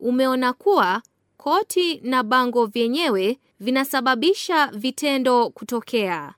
umeona kuwa koti na bango vyenyewe vinasababisha vitendo kutokea.